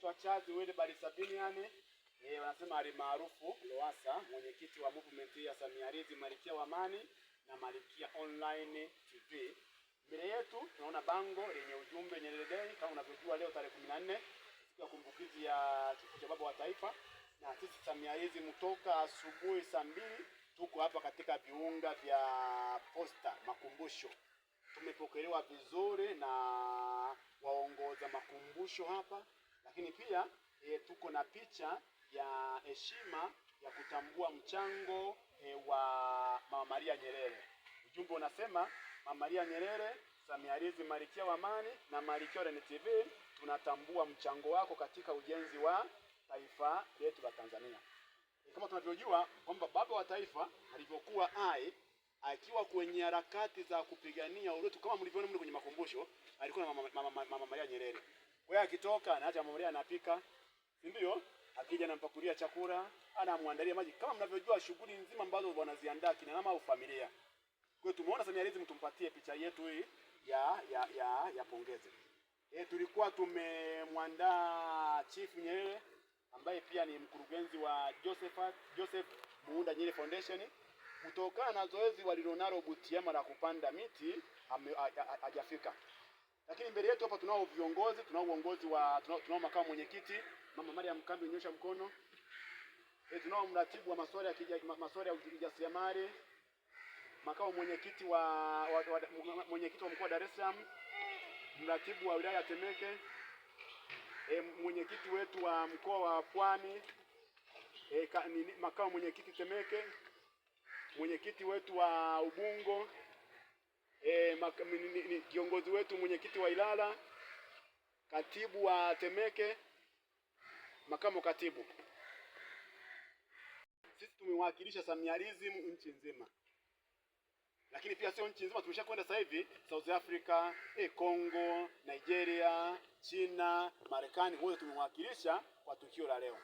anaitwa Charles Wilbard Sabinian eh, wanasema alimaarufu Lowassa, mwenyekiti wa movement ya Samia Malkia wa Amani na Malkia Online TV. Mbele yetu tunaona bango lenye ujumbe Nyerere Day. Kama unavyojua leo tarehe 14 siku ya kumbukizi ya kifo cha baba wa taifa, na sisi Samia mtoka asubuhi saa mbili tuko hapa katika viunga vya posta makumbusho. Tumepokelewa vizuri na waongoza makumbusho hapa lakini pia e, tuko na picha ya heshima ya kutambua mchango e, wa Mama Maria Nyerere. Ujumbe unasema Mama Maria Nyerere, Samia Rizi, Malkia wa Amani na Malkia wa NTV, tunatambua mchango wako katika ujenzi wa taifa letu la Tanzania. E, kama tunavyojua kwamba baba wa taifa alivyokuwa ai akiwa kwenye harakati za kupigania uhuru kama mlivyoona mle kwenye makumbusho, alikuwa na mama, mama, mama Maria Nyerere. Wewe akitoka anaacha mama anapika, si ndio? Akija anampakulia chakula, anamwandalia maji, kama mnavyojua shughuli nzima ambazo wanaziandaa kina mama au familia. Kwa hiyo tumeona Samia lazima mtumpatie picha yetu hii ya ya ya, ya pongeze. E, eh, tulikuwa tumemwandaa Chief Nyerere ambaye pia ni mkurugenzi wa Josephat, Joseph Muunda Nyerere Foundation kutokana na zoezi walilonalo Butiama la kupanda miti hajafika. Lakini mbele yetu hapa tunao viongozi, tunao uongozi wa tunao, tunao makamu mwenyekiti Mama Mariam Kambi, nyosha mkono e, tunao mratibu wa masuala ya masuala ya ujasiriamali, makamu mwenyekiti wa, wa, wa mwenyekiti wa mkoa wa Dar es Salaam, mratibu wa wilaya ya Temeke, e, mwenyekiti wetu wa mkoa wa Pwani e, makamu mwenyekiti Temeke, mwenyekiti wetu wa Ubungo e, kiongozi wetu mwenyekiti wa Ilala, katibu wa Temeke, makamu katibu. Sisi tumewakilisha Samialism nchi nzima, lakini pia sio nchi nzima, tumeshakwenda sasa hivi South Africa, e, Congo, Nigeria, China, Marekani, wote tumewakilisha kwa tukio la leo.